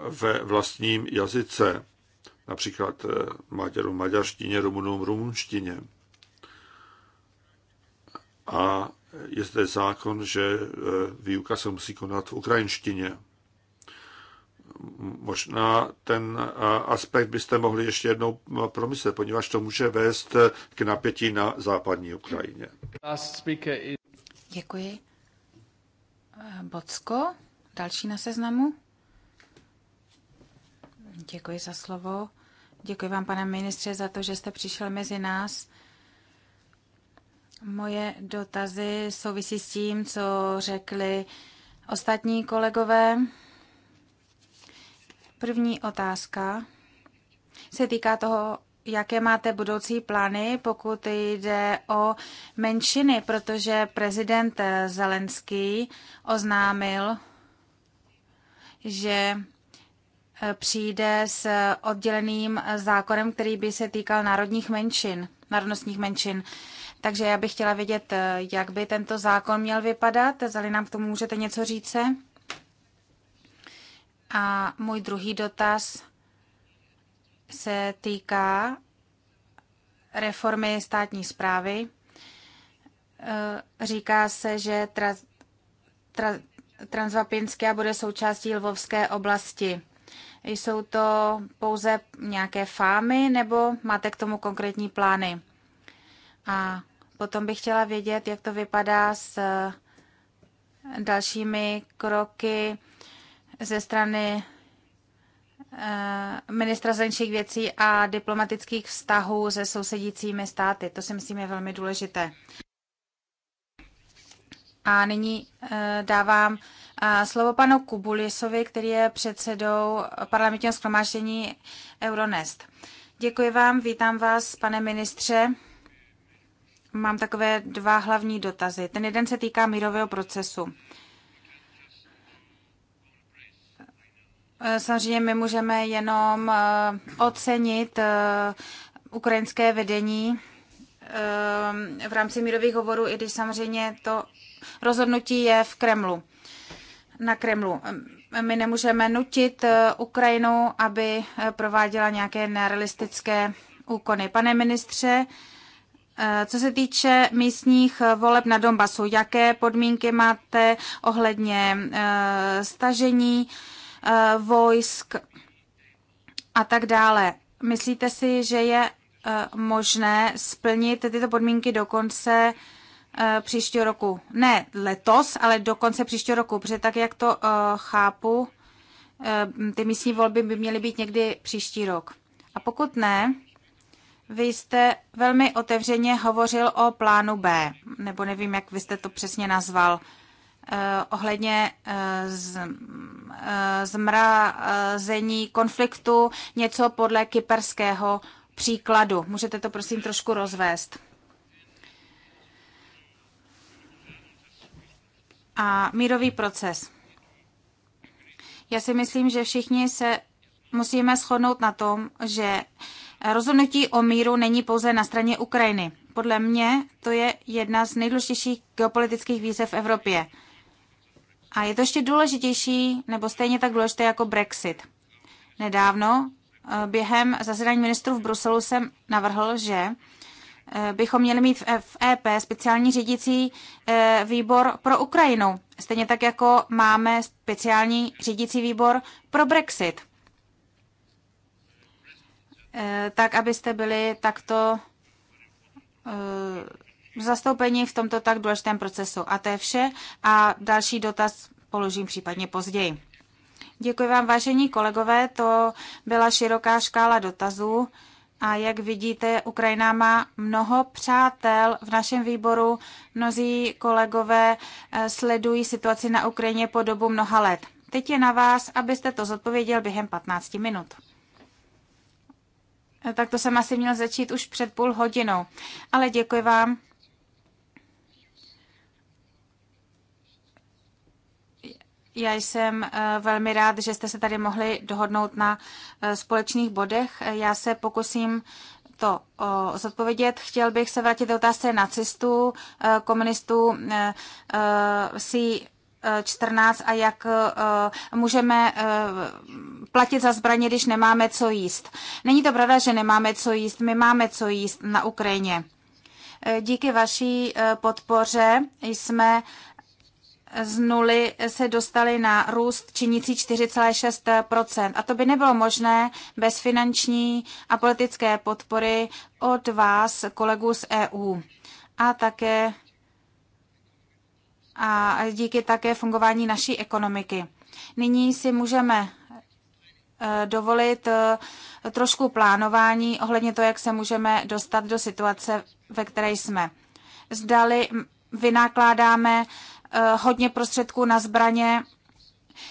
ve vlastním jazyce, například eh, Maďarům maďarštině, Rumunům rumunštině. A je zde zákon, že eh, výuka se musí konat v ukrajinštině. Možná ten eh, aspekt byste mohli ještě jednou promyslet, poněvadž to může vést k napětí na západní Ukrajině. Děkuji. Bocko, další na seznamu. Děkuji za slovo. Děkuji vám, pane ministře, za to, že jste přišel mezi nás. Moje dotazy souvisí s tím, co řekli ostatní kolegové. První otázka se týká toho, jaké máte budoucí plány, pokud jde o menšiny, protože prezident Zelenský oznámil, že přijde s odděleným zákonem, který by se týkal národních menšin, národnostních menšin. Takže já bych chtěla vědět, jak by tento zákon měl vypadat. Zali nám k tomu můžete něco říct? A můj druhý dotaz se týká reformy státní zprávy. Eh, říká se, že tra, tra, Transvapinské bude součástí Lvovské oblasti. Jsou to pouze nějaké fámy nebo máte k tomu konkrétní plány? A potom bych chtěla vědět, jak to vypadá s eh, dalšími kroky ze strany eh, ministra zahraničních věcí a diplomatických vztahů se sousedícími státy. To si myslím je velmi důležité. A nyní eh, dávám a slovo panu Kubulisovi, který je předsedou parlamentního schromáždění Euronest. Děkuji vám, vítám vás, pane ministře. Mám takové dva hlavní dotazy. Ten jeden se týká mírového procesu. Eh, samozřejmě my můžeme jenom eh, ocenit eh, ukrajinské vedení v rámci mírových hovorů, i když samozřejmě to rozhodnutí je v Kremlu na Kremlu. My nemůžeme nutit eh, Ukrajinu, aby eh, prováděla nějaké nerealistické úkony. Pane ministře, eh, co se týče místních voleb na Donbasu, jaké podmínky máte ohledně stažení vojsk a tak dále? Myslíte si, že je možné splnit tyto podmínky do konce Eh, příštího roku. Ne letos, ale do konce příštího roku, protože tak, jak to eh, chápu, eh, ty místní volby by měly být někdy příští rok. A pokud ne, vy jste velmi otevřeně hovořil o plánu B, nebo nevím, jak vy jste to přesně nazval, uh, ohledně uh, z, uh, zmrazení konfliktu, něco podle kyperského příkladu. Můžete to prosím trošku rozvést? a mírový proces. Já si myslím, že všichni se musíme shodnout na tom, že rozhodnutí o míru není pouze na straně Ukrajiny. Podle mě to je jedna z nejdůležitějších geopolitických výzev v Evropě. A je to ještě důležitější, nebo stejně tak důležité jako Brexit. Nedávno eh, během zasedání ministrů v Bruselu jsem navrhl, že Eh, bychom měli mít v EP eh, e speciální řídící eh, výbor pro Ukrajinu, stejně tak jako máme speciální řídící výbor pro Brexit. Tak, abyste byli takto zastoupeni v tomto tak důležitém procesu. A to je vše a další dotaz položím případně později. Děkuji vám, vážení kolegové, to byla široká škála dotazů. A jak vidíte, Ukrajina má mnoho přátel v našem výboru. Mnozí kolegové eh, sledují situaci na Ukrajině po dobu mnoha let. Teď je na vás, abyste to zodpověděl během 15 minut. Eh, tak to jsem asi měl začít už před půl hodinou. Ale děkuji vám Já jsem eh, velmi rád, že jste se tady mohli dohodnout na eh, společných bodech. Já se pokusím to zodpovědět. Chtěl bych se vrátit do otázce nacistů, eh, komunistů, si 14 a jak můžeme platit za zbraně, když nemáme co jíst. Není to pravda, že nemáme co jíst, my máme co jíst na Ukrajině. Díky vaší podpoře jsme z nuly se dostali na růst činící 4,6 A to by nebylo možné bez finanční a politické podpory od vás, kolegů z EU. A také a díky také fungování naší ekonomiky. Nyní si můžeme e, dovolit e, trošku plánování ohledně toho, jak se můžeme dostat do situace, ve které jsme. Zdali vynakládáme Eh, hodně prostředků na zbraně.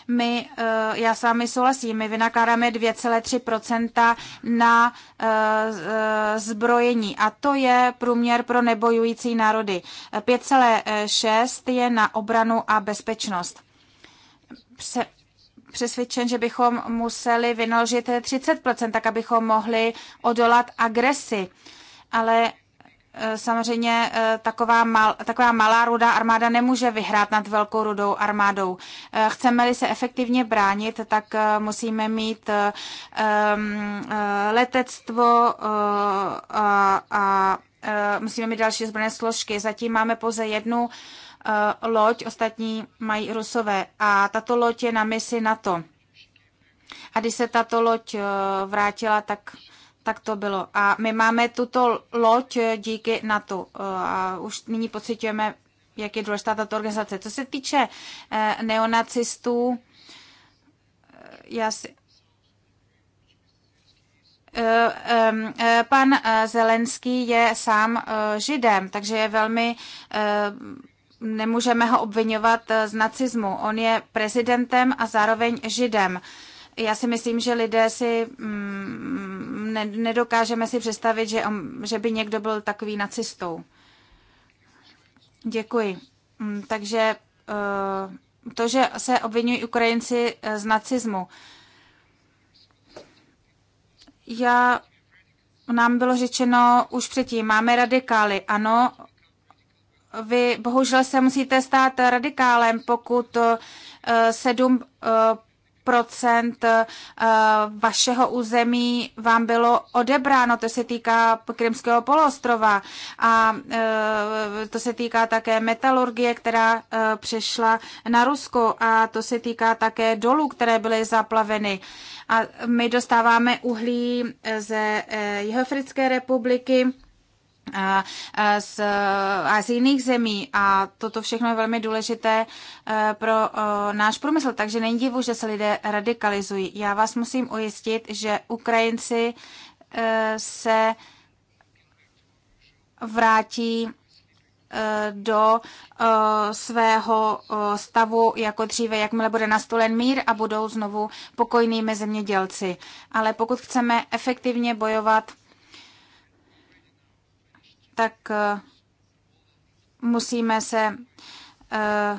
My, eh, já s vámi souhlasím, my vynakládáme 2,3 na eh, zbrojení a to je průměr pro nebojující národy. 5,6 je na obranu a bezpečnost. Pře- přesvědčen, že bychom museli vynaložit 30 tak abychom mohli odolat agresi. Ale Eh, samozřejmě eh, taková, mal, taková malá rudá armáda nemůže vyhrát nad velkou rudou armádou. Eh, chceme-li se efektivně bránit, tak musíme mít letectvo a, a musíme mít další zbrojné složky. Zatím máme pouze jednu loď, ostatní mají rusové. A tato loď je na misi NATO. A když se tato loď vrátila, tak tak to bylo. A my máme tuto loď díky NATO. Eh, a už nyní pocitujeme, jak je důležitá tato organizace. Co se týče eh, neonacistů, eh, já si, pan Zelenský je sám židem, takže je velmi nemůžeme ho obvinovat z nacismu. On je prezidentem a zároveň židem já si myslím, že lidé si mm, ne, nedokážeme si představit, že, on, že by někdo byl takový nacistou. Děkuji. Mm, takže eh, to, že se obvinují Ukrajinci eh, z nacismu. Já, nám bylo řečeno už předtím, máme radikály. Ano, vy bohužel se musíte stát radikálem, pokud eh, sedm Eh, vašeho území vám bylo odebráno. To se týká Krymského poloostrova a eh, to se týká také metalurgie, která eh, přešla na Rusko a to se týká také dolů, které byly zaplaveny. A my dostáváme uhlí ze Jihoafrické republiky z, a z jiných zemí a toto všechno je velmi důležité e, pro náš průmysl, takže není divu, že se lidé radikalizují. Já vás musím ujistit, že Ukrajinci e, se vrátí e, do svého stavu jako dříve, jakmile bude nastolen mír a budou znovu pokojnými zemědělci. Ale pokud chceme efektivně bojovat tak eh, musíme se eh,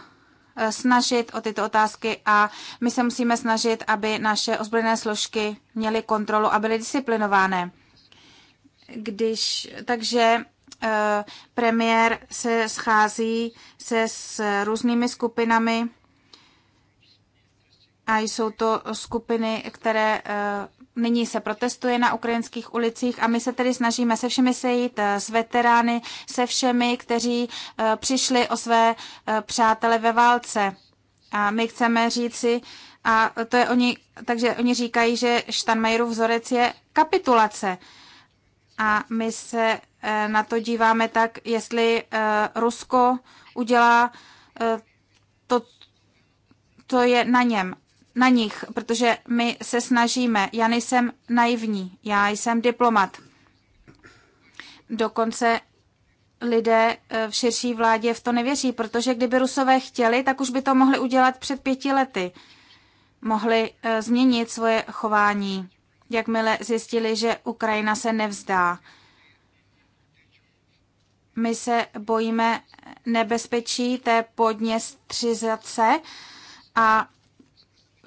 snažit o tyto otázky a my se musíme snažit, aby naše ozbrojené složky měly kontrolu a byly disciplinované. Když, takže eh, premiér se schází se s různými skupinami a jsou to skupiny, které nyní se protestuje na ukrajinských ulicích a my se tedy snažíme se všemi sejít, eh, s veterány, se všemi, kteří eh, přišli o své eh, přátele ve válce. A my chceme říci, a to je oni, takže oni říkají, že Štanmajerův vzorec je kapitulace. A my se na to díváme tak, jestli Rusko udělá to, to je na něm na nich, protože my se snažíme. Já nejsem naivní, já jsem diplomat. Dokonce lidé eh, v širší vládě v to nevěří, protože kdyby rusové chtěli, tak už by to mohli udělat před pěti lety. Mohli eh, změnit svoje chování, jakmile zjistili, že Ukrajina se nevzdá. My se bojíme nebezpečí té podněstřizace a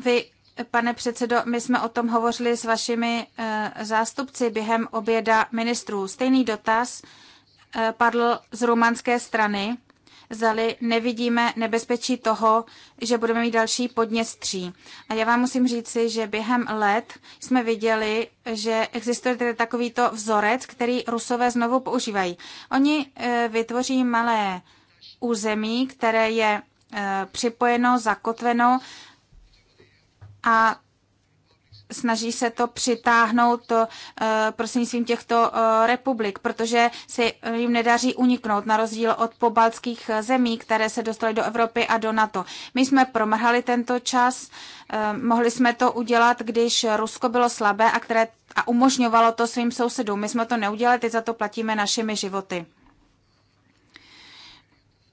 vy, pane předsedo, my jsme o tom hovořili s vašimi eh, zástupci během oběda ministrů. Stejný dotaz eh, padl z rumanské strany, zali nevidíme nebezpečí toho, že budeme mít další podněstří. A já vám musím říci, že během let jsme viděli, že existuje tedy takovýto vzorec, který rusové znovu používají. Oni eh, vytvoří malé území, které je připojeno, zakotveno a snaží se to přitáhnout to, eh, prostřednictvím těchto eh, republik, protože se jim nedaří uniknout, na rozdíl od pobaltských eh, zemí, které se dostaly do Evropy a do NATO. My jsme promrhali tento čas, mohli jsme to udělat, když Rusko bylo slabé a, které, a umožňovalo to svým sousedům. My jsme to neudělali, teď za to platíme našimi životy.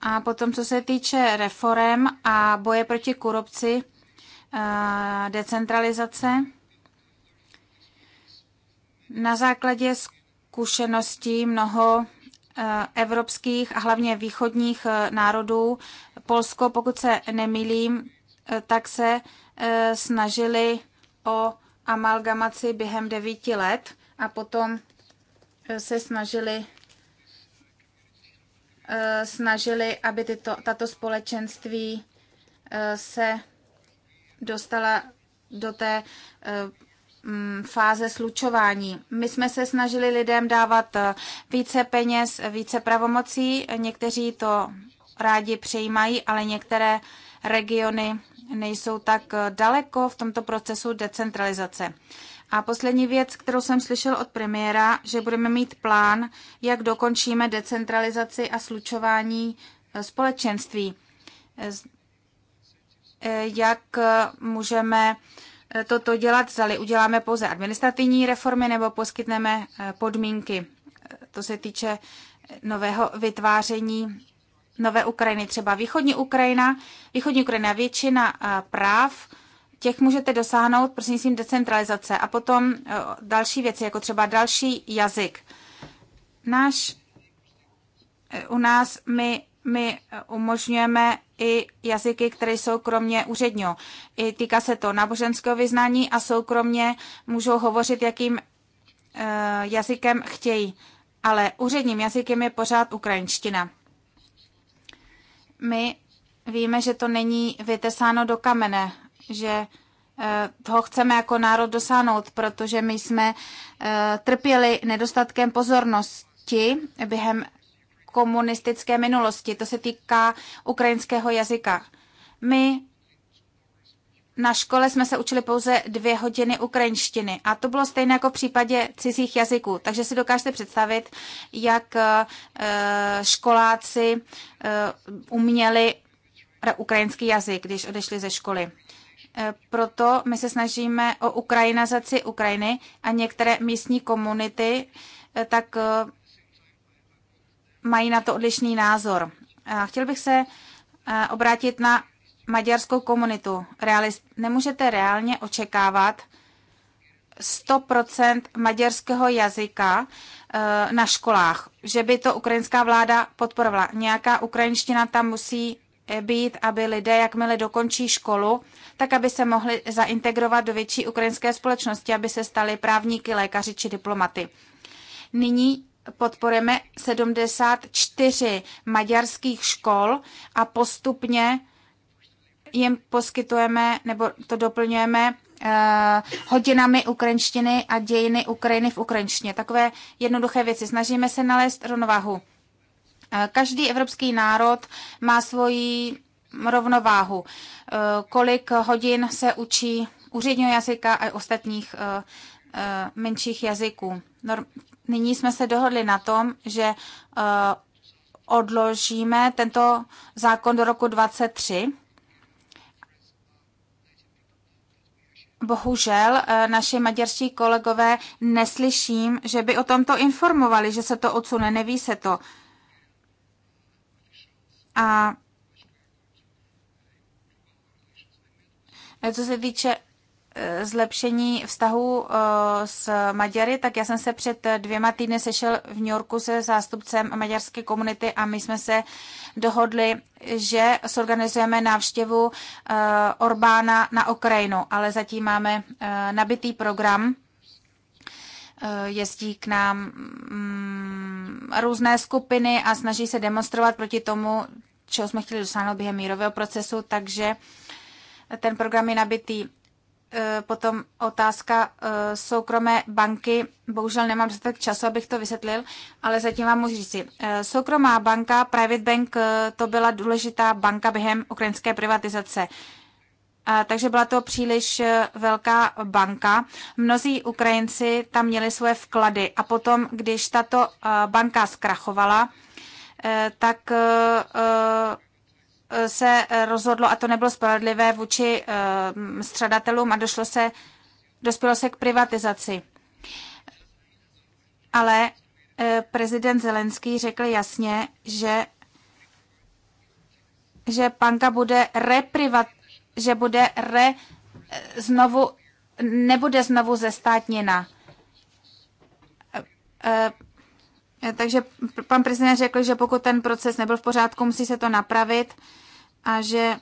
A potom, co se týče reform a boje proti korupci, decentralizace. Na základě zkušeností mnoho e, evropských a hlavně východních e, národů, Polsko, pokud se nemýlím, e, tak se snažili o amalgamaci během devíti let a potom se snažili snažili, aby tyto, tato společenství se dostala do té eh, mm, fáze slučování. My jsme se snažili lidem dávat eh, více peněz, více pravomocí. Někteří to rádi přejímají, ale některé regiony nejsou tak eh, daleko v tomto procesu decentralizace. A poslední věc, kterou jsem slyšel od premiéra, že budeme mít plán, jak dokončíme decentralizaci a slučování společenství jak můžeme toto dělat, zali uděláme pouze administrativní reformy nebo poskytneme eh, podmínky. To se týče nového vytváření nové Ukrajiny, třeba východní Ukrajina. Východní Ukrajina většina eh, práv těch můžete dosáhnout prostřednictvím decentralizace a potom eh, další věci, jako třeba další jazyk. Náš, u nás my, my umožňujeme i jazyky, které jsou kromě úředního. I týká se to náboženského vyznání a soukromně můžou hovořit, jakým eh, jazykem chtějí. Ale úředním jazykem je pořád ukrajinština. My víme, že to není vytesáno do kamene, že eh, toho chceme jako národ dosáhnout, protože my jsme eh, trpěli nedostatkem pozornosti během komunistické minulosti. To se týká ukrajinského jazyka. My na škole jsme se učili pouze dvě hodiny ukrajinštiny a to bylo stejné jako v případě cizích jazyků. Takže si dokážete představit, jak eh, školáci eh, uměli ukrajinský jazyk, když odešli ze školy. Eh, proto my se snažíme o ukrajinizaci Ukrajiny a některé místní komunity tak mají na to odlišný názor. Chtěl bych se obrátit na maďarskou komunitu. Realist, nemůžete reálně očekávat 100% maďarského jazyka e, na školách, že by to ukrajinská vláda podporovala. Nějaká ukrajinština tam musí e, být, aby lidé, jakmile dokončí školu, tak aby se mohli zaintegrovat do větší ukrajinské společnosti, aby se stali právníky, lékaři či diplomaty. Nyní podporujeme 74 maďarských škol a postupně jim poskytujeme nebo to doplňujeme eh, hodinami ukrajinštiny a dějiny Ukrajiny v ukrajinštině. Takové jednoduché věci. Snažíme se nalézt rovnováhu. Eh, každý evropský národ má svoji rovnováhu. Eh, kolik hodin se učí úředního jazyka a ostatních eh, Eh, menších jazyků. Nyní jsme se dohodli na tom, že eh, odložíme tento zákon do roku 23. Bohužel eh, naši maďarští kolegové neslyším, že by o tomto informovali, že se to odsune, neví se to. A co se týče zlepšení vztahu eh, s Maďary, tak já jsem se před dvěma týdny sešel v New Yorku se zástupcem maďarské komunity a my jsme se dohodli, že sorganizujeme návštěvu eh, Orbána na Ukrajinu, ale zatím máme eh, nabitý program. Jezdí k nám mm, různé skupiny a snaží se demonstrovat proti tomu, čeho jsme chtěli dosáhnout během mírového procesu, takže ten program je nabitý E, potom otázka e, soukromé banky. Bohužel nemám dostatek času, abych to vysvětlil, ale zatím vám můžu říci. E, soukromá banka, Private Bank, to byla důležitá banka během ukrajinské privatizace. Takže byla to příliš velká banka. Mnozí Ukrajinci tam měli svoje vklady a potom, když tato banka zkrachovala, tak se rozhodlo, a to nebylo spravedlivé vůči eh, střadatelům a došlo se, dospělo se k privatizaci. Ale eh, prezident Zelenský řekl jasně, že, že banka bude reprivat, že bude re, eh, znovu, nebude znovu zestátněna Eh, takže pan prezident řekl, že pokud ten proces nebyl v pořádku, musí se to napravit a že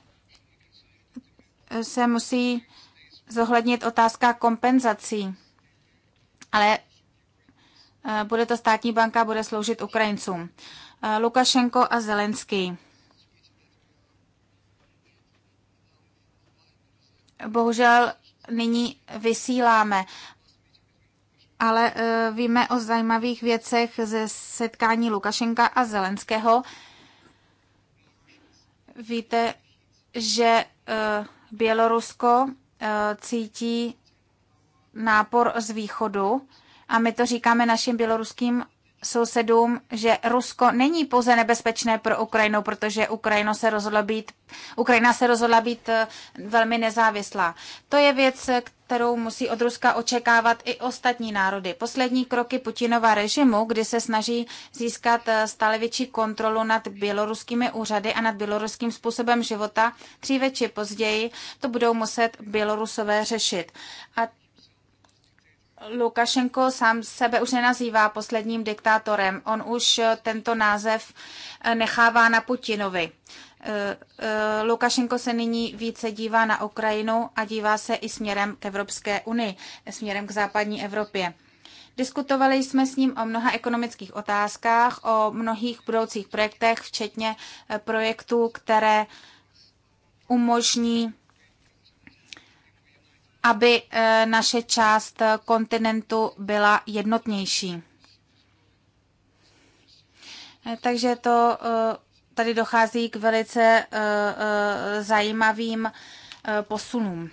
eh, se musí zohlednit otázka kompenzací. Ale eh, bude to státní banka, bude sloužit Ukrajincům. Lukašenko a Zelenský. Bohužel nyní vysíláme ale eh, víme o zajímavých věcech ze setkání Lukašenka a Zelenského. Víte, že eh, Bělorusko eh, cítí nápor z východu a my to říkáme našim běloruským sousedům, že Rusko není pouze nebezpečné pro Ukrajinu, protože Ukrajina se rozhodla být, Ukrajina se rozhodla být eh, velmi nezávislá. To je věc, kterou musí od Ruska očekávat i ostatní národy. Poslední kroky Putinova režimu, kdy se snaží získat eh, stále větší kontrolu nad běloruskými úřady a nad běloruským způsobem života, dříve či později to budou muset Bělorusové řešit. A Lukašenko sám sebe už nenazývá posledním diktátorem. On už eh, tento název eh, nechává na Putinovi. Eh, Lukašenko se nyní více dívá na Ukrajinu a dívá se i směrem k Evropské unii, směrem k západní Evropě. Diskutovali jsme s ním o mnoha ekonomických otázkách, o mnohých budoucích projektech, včetně projektů, které umožní aby eh, naše část eh, kontinentu byla jednotnější. Eh, takže to tady dochází k velice zajímavým posunům.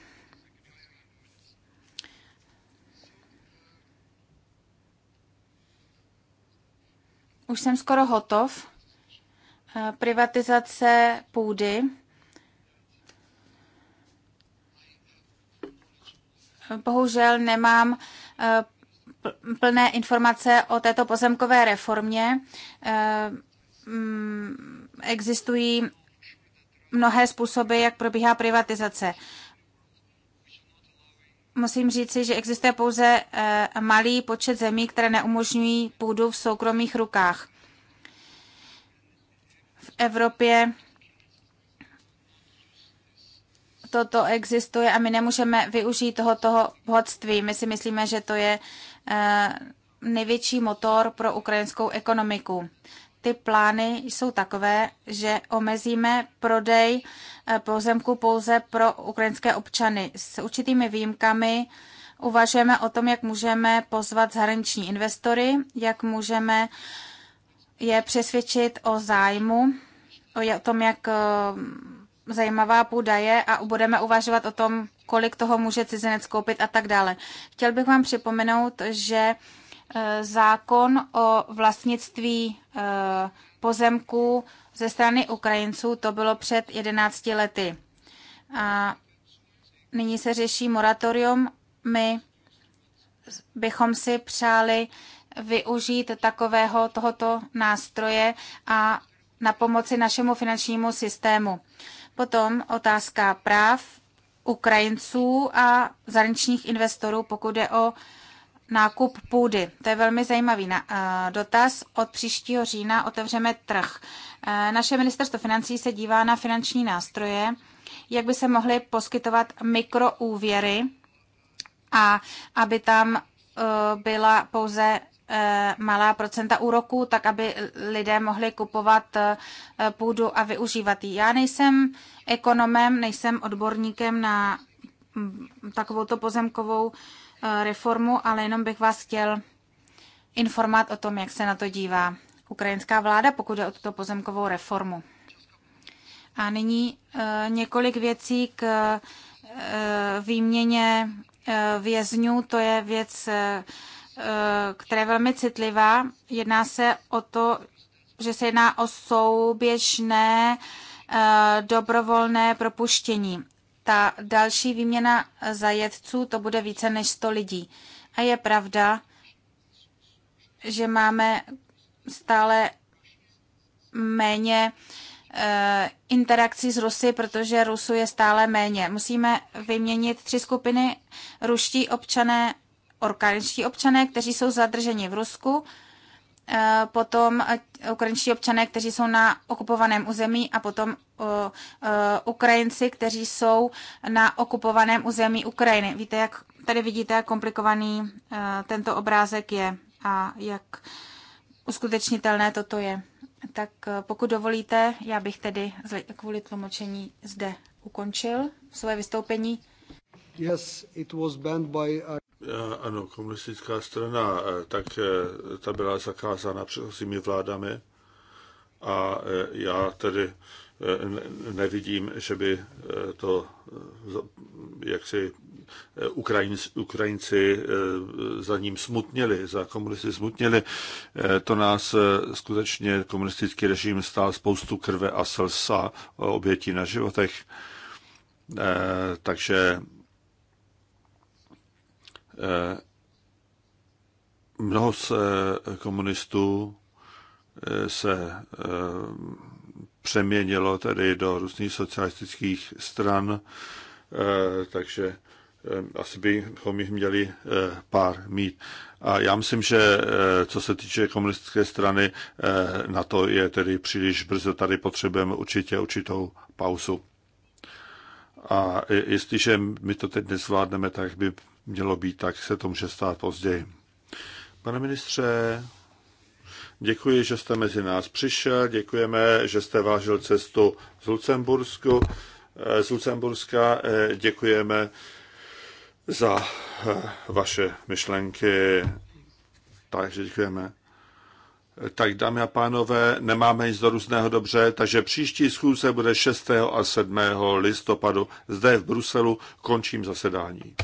Už jsem skoro hotov. Privatizace půdy. bohužel nemám eh, plné informace o této pozemkové reformě. Eh, mm, existují mnohé způsoby, jak probíhá privatizace. Musím říci, že existuje pouze eh, malý počet zemí, které neumožňují půdu v soukromých rukách. V Evropě toto existuje a my nemůžeme využít toho, toho bohatství. My si myslíme, že to je eh, největší motor pro ukrajinskou ekonomiku. Ty plány jsou takové, že omezíme prodej eh, pozemku pouze pro ukrajinské občany. S určitými výjimkami uvažujeme o tom, jak můžeme pozvat zahraniční investory, jak můžeme je přesvědčit o zájmu, o tom, jak eh, zajímavá půda je a budeme uvažovat o tom, kolik toho může cizinec koupit a tak dále. Chtěl bych vám připomenout, že eh, zákon o vlastnictví eh, pozemků ze strany Ukrajinců, to bylo před 11 lety. A nyní se řeší moratorium. My bychom si přáli využít takového tohoto nástroje a na pomoci našemu finančnímu systému. Potom otázka práv Ukrajinců a zahraničních investorů, pokud je o nákup půdy. To je velmi zajímavý eh, dotaz. Od příštího října otevřeme trh. Eh, naše ministerstvo financí se dívá na finanční nástroje, jak by se mohly poskytovat mikroúvěry a aby tam eh, byla pouze Eh, malá procenta úroků, tak aby lidé mohli kupovat eh, půdu a využívat ji. Já nejsem ekonomem, nejsem odborníkem na mm, takovouto pozemkovou eh, reformu, ale jenom bych vás chtěl informovat o tom, jak se na to dívá ukrajinská vláda, pokud je o tuto pozemkovou reformu. A nyní několik věcí k výměně vězňů. To je věc, Eh, která je velmi citlivá. Jedná se o to, že se jedná o souběžné eh, dobrovolné propuštění. Ta další výměna zajetců, to bude více než 100 lidí. A je pravda, že máme stále méně eh, interakcí s Rusy, protože Rusu je stále méně. Musíme vyměnit tři skupiny ruští občané ukrajinští občané, kteří jsou zadrženi v Rusku, eh, potom eh, ukrajinští občané, kteří jsou na okupovaném území a potom eh, Ukrajinci, kteří jsou na okupovaném území Ukrajiny. Víte, jak tady vidíte, jak komplikovaný tento obrázek je a jak uskutečnitelné toto je. Tak pokud dovolíte, já bych tedy kvůli tlumočení zde ukončil svoje vystoupení. Yes, it was banned by uh, ano, komunistická strana, eh, tak eh, ta byla zakázána předchozími vládami a eh, já tedy nevidím, že by to jak si Ukrajinci, Ukrajinci za ním smutnili, za komunisty smutnili. To nás skutečně komunistický režim stál spoustu krve a slsa obětí na životech. Takže Eh, mnoho z eh, komunistů eh, se přeměnilo tedy do různých socialistických stran, takže asi bychom jich měli pár mít. A já myslím, že co se týče komunistické strany, na to je tedy příliš brzo. Tady potřebujeme určitě určitou pauzu. A jestliže my to teď nezvládneme, tak by mělo být, tak se to může stát později. Pane ministře, děkuji, že jste mezi nás přišel, děkujeme, že jste vážil cestu z, Lucembursku, eh, z Lucemburska, eh, děkujeme za eh, vaše myšlenky, takže děkujeme. Tak dámy a pánové, nemáme nic do různého dobře, takže příští schůze bude 6. a 7. listopadu zde v Bruselu. Končím zasedání.